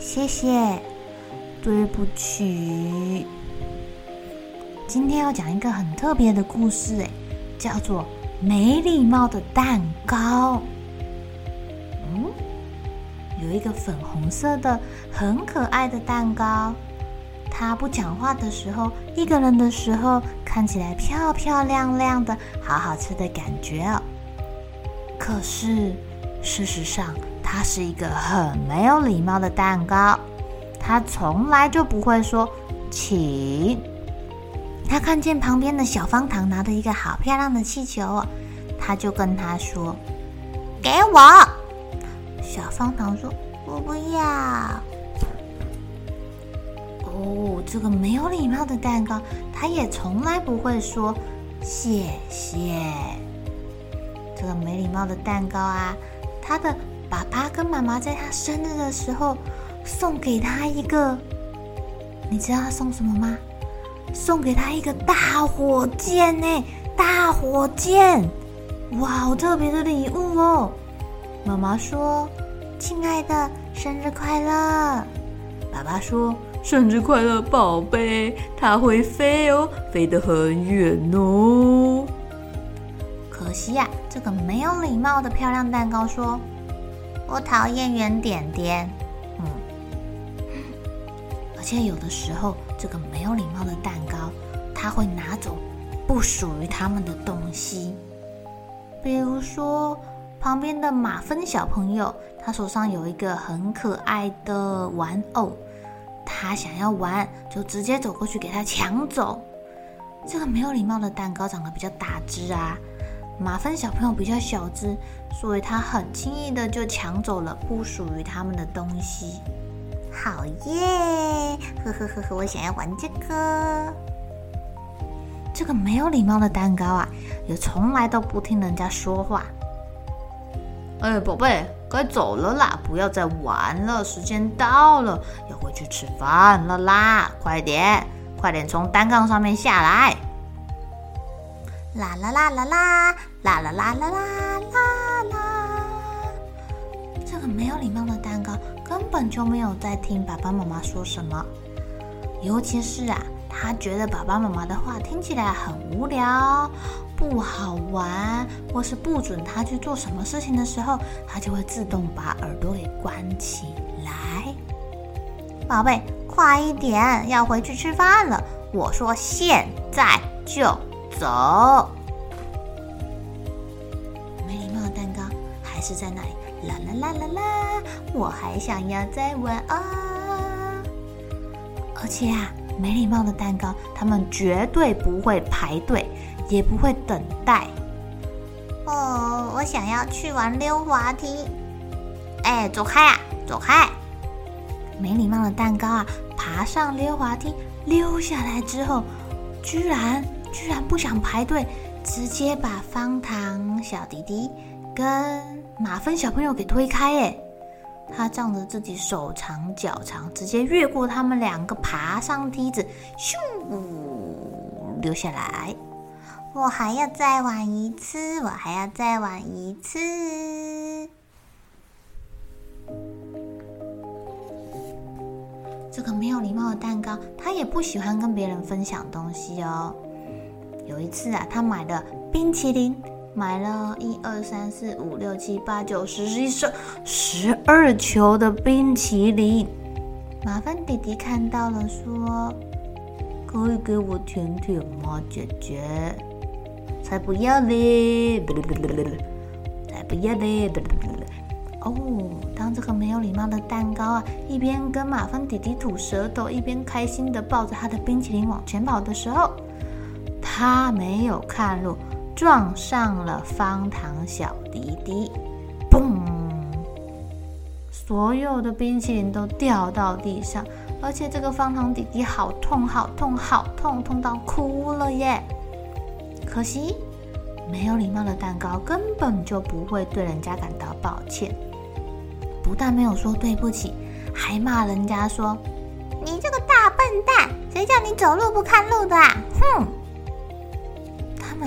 謝謝，對不起。今天要講一個很特別的故事，欸，叫做《沒禮貌的蛋糕》。嗯，有一個粉紅色的、很可愛的蛋糕，它不講話的時候，一個人的時候，看起來漂漂亮亮的，好好吃的感覺哦。可是，事實上……他是一個很沒有禮貌的蛋糕，他從來就不會說請。他看見旁邊的小方糖拿着一個好漂亮的氣球，他就跟他說：“給我。”小方糖說：“我不要。”哦，這個沒有禮貌的蛋糕，他也從來不會說謝謝。這個沒禮貌的蛋糕啊，他的。爸爸跟媽媽在他生日的時候送給他一個，你知道他送什麼嗎？送給他一個大火箭耶！大火箭，哇，好特別的禮物哦！媽媽說：“親愛的，生日快樂！”爸爸說：“生日快樂，寶貝！它會飛哦，飛得很遠哦。”可惜呀、啊，這個沒有禮貌的漂亮蛋糕說。我討厭圓點點。嗯，嗯，而且有的時候，這個沒有禮貌的蛋糕，他會拿走不屬於他們的東西，比如說旁邊的馬芬小朋友，他手上有一個很可愛的玩偶，他想要玩，就直接走過去給他搶走。這個沒有禮貌的蛋糕長得比較大隻啊。馬芬小朋友比較小隻，所以他很輕易的就搶走了不屬於他們的東西。好耶，呵呵呵呵，我想要玩這個。這個沒有禮貌的蛋糕啊，也從來都不聽人家說話。哎、欸，寶貝，該走了啦，不要再玩了，時間到了，要回去吃飯了啦，快點，快點從單槓上面下來。啦啦啦啦，啦啦啦啦啦啦啦啦啦啦啦啦！這個沒有禮貌的蛋糕根本就沒有在聽爸爸媽媽說什麼，尤其是啊，他覺得爸爸媽媽的話聽起來很無聊、不好玩，或是不准他去做什麼事情的時候，他就會自動把耳朵給關起來。寶貝，快一點，要回去吃飯了。我說現在就。走，沒禮貌的蛋糕還是在那裡。啦啦啦啦啦，我還想要再玩啊、哦！而且啊，沒禮貌的蛋糕，他們絕對不會排隊，也不會等待。哦，我想要去玩溜滑梯。哎、欸，走開啊，走開！沒禮貌的蛋糕啊，爬上溜滑梯，溜下來之後，居然。居然不想排隊，直接把方糖小弟弟跟馬芬小朋友給推開耶！他仗着自己手長腳長，直接越過他們兩個，爬上梯子，咻，溜下來。我還要再玩一次，我還要再玩一次。這個沒有禮貌的蛋糕，他也不喜歡跟別人分享東西哦。有一次啊，他買了冰淇淋，買了一二三四五六七八九十十一十十二球的冰淇淋。馬芬弟弟看到了，說：“可以給我舔舔嗎？”姐姐才不要嘞，嘞，嘞！才不要嘞！哦，當這個沒有禮貌的蛋糕啊，一邊跟馬芬弟弟吐舌頭，一邊開心地抱着他的冰淇淋往前跑的時候。他沒有看路，撞上了方糖小弟弟，嘣，所有的冰淇淋都掉到地上，而且這個方糖弟弟好痛，好痛，好痛，痛到哭了耶！可惜，沒有禮貌的蛋糕根本就不會對人家感到抱歉，不但沒有說對不起，還罵人家說：“你這個大笨蛋，誰叫你走路不看路的啊？”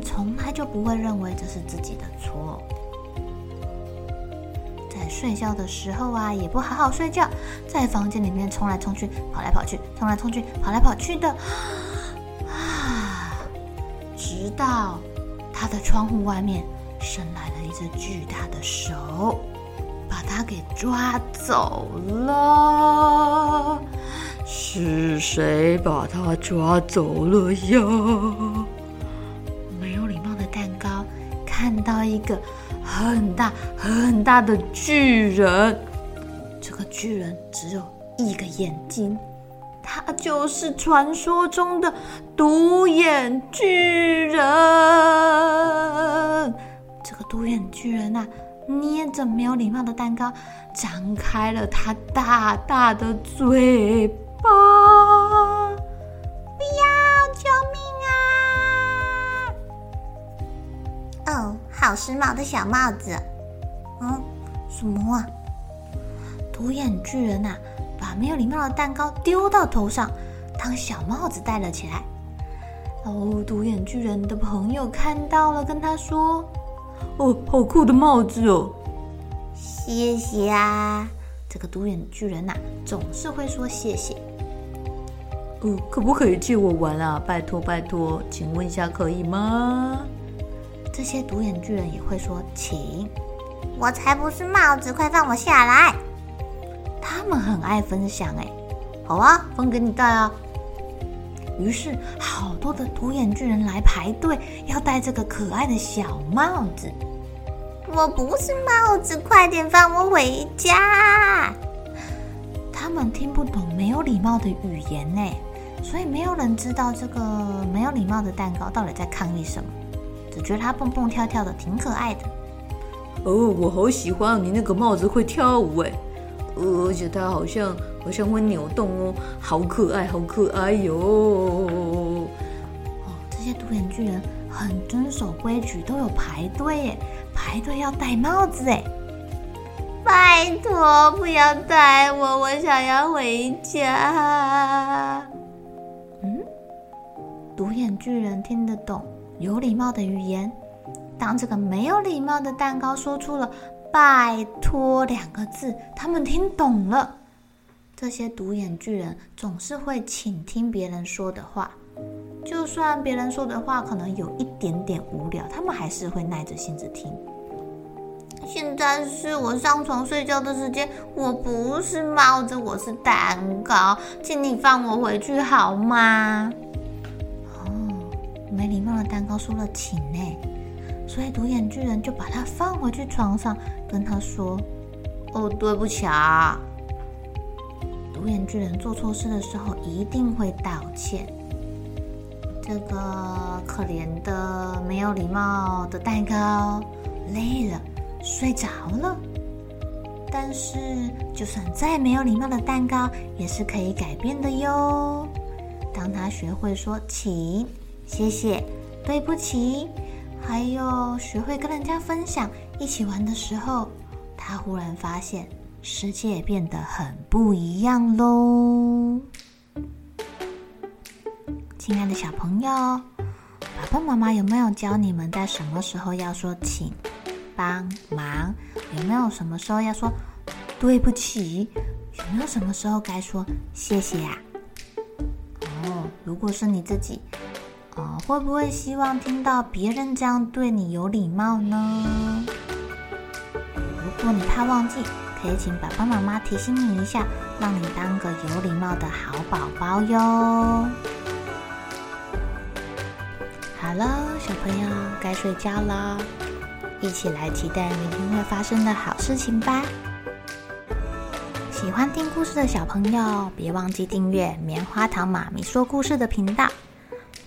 從來就不會認為這是自己的錯。在睡覺的時候啊，也不好好睡覺，在房間裡面衝來衝去，跑來跑去，衝來衝去，跑來跑去的，啊，直到他的窗戶外面伸來了一隻巨大的手，把他給抓走了。是誰把他抓走了呀？個很大很大的巨人，這個巨人只有一個眼睛，他就是傳說中的獨眼巨人。這個獨眼巨人啊，捏着沒有禮貌的蛋糕，張開了他大大的嘴。時髦的小帽子，嗯，什麼啊？獨眼巨人吶、啊，把沒有禮貌的蛋糕丟到頭上，當小帽子戴了起來。哦，獨眼巨人的朋友看到了，跟他說：“哦，好酷的帽子哦！”謝謝啊，這個獨眼巨人吶、啊，總是會說謝謝。哦，可不可以借我玩啊？拜托拜托，請問一下可以嗎？這些獨眼巨人也會說“請”，我才不是帽子，快放我下來！他們很愛分享誒，哎，好啊，分給你戴啊！於是好多的獨眼巨人來排隊要戴這個可愛的小帽子。我不是帽子，快點放我回家！他們聽不懂沒有禮貌的語言呢，所以沒有人知道這個沒有禮貌的蛋糕到底在抗議什麼。我覺得它蹦蹦跳跳的，挺可愛的。哦，我好喜歡你那個帽子會跳舞哎。哦，而且它好像好像會扭動哦，好可愛，好可愛喲！哦，這些獨眼巨人很遵守規矩，都有排隊哎，排隊要戴帽子哎。拜托，不要戴我，我想要回家。嗯，獨眼巨人聽得懂。有禮貌的語言。當這個沒有禮貌的蛋糕說出了“拜托”兩個字，他們聽懂了。這些獨眼巨人總是會傾聽別人說的話，就算別人說的話可能有一點點無聊，他們還是會耐着性子聽。現在是我上床睡覺的時間，我不是帽子，我是蛋糕，請你放我回去好嗎？沒禮貌的蛋糕說了“請”呢，所以獨眼巨人就把它放回去床上，跟他說：“哦，對不起啊。”獨眼巨人做錯事的時候一定會道歉。這個可憐的沒有禮貌的蛋糕累了，睡着了。但是，就算再沒有禮貌的蛋糕，也是可以改變的喲。當他學會說“請”。謝謝，對不起，還有學會跟人家分享，一起玩的時候，他忽然發現世界變得很不一樣嘍。親愛的小朋友，爸爸媽媽有沒有教你們在什麼時候要說請幫忙？有沒有什麼時候要說對不起？有沒有什麼時候該說謝謝啊？哦，如果是你自己。啊、哦，會不會希望聽到別人這樣對你有禮貌呢？如果你怕忘記，可以請爸爸、媽媽提醒你一下，讓你當個有禮貌的好寶寶喲。好了， Hello, 小朋友該睡覺了，一起來期待明天會發生的好事情吧！喜歡聽故事的小朋友，別忘記訂閱《棉花糖媽咪說故事》的頻道。